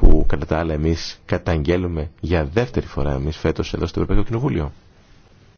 που κατά τα άλλα εμείς καταγγέλουμε για δεύτερη φορά εμείς φέτος εδώ στο Ευρωπαϊκό Κοινοβούλιο.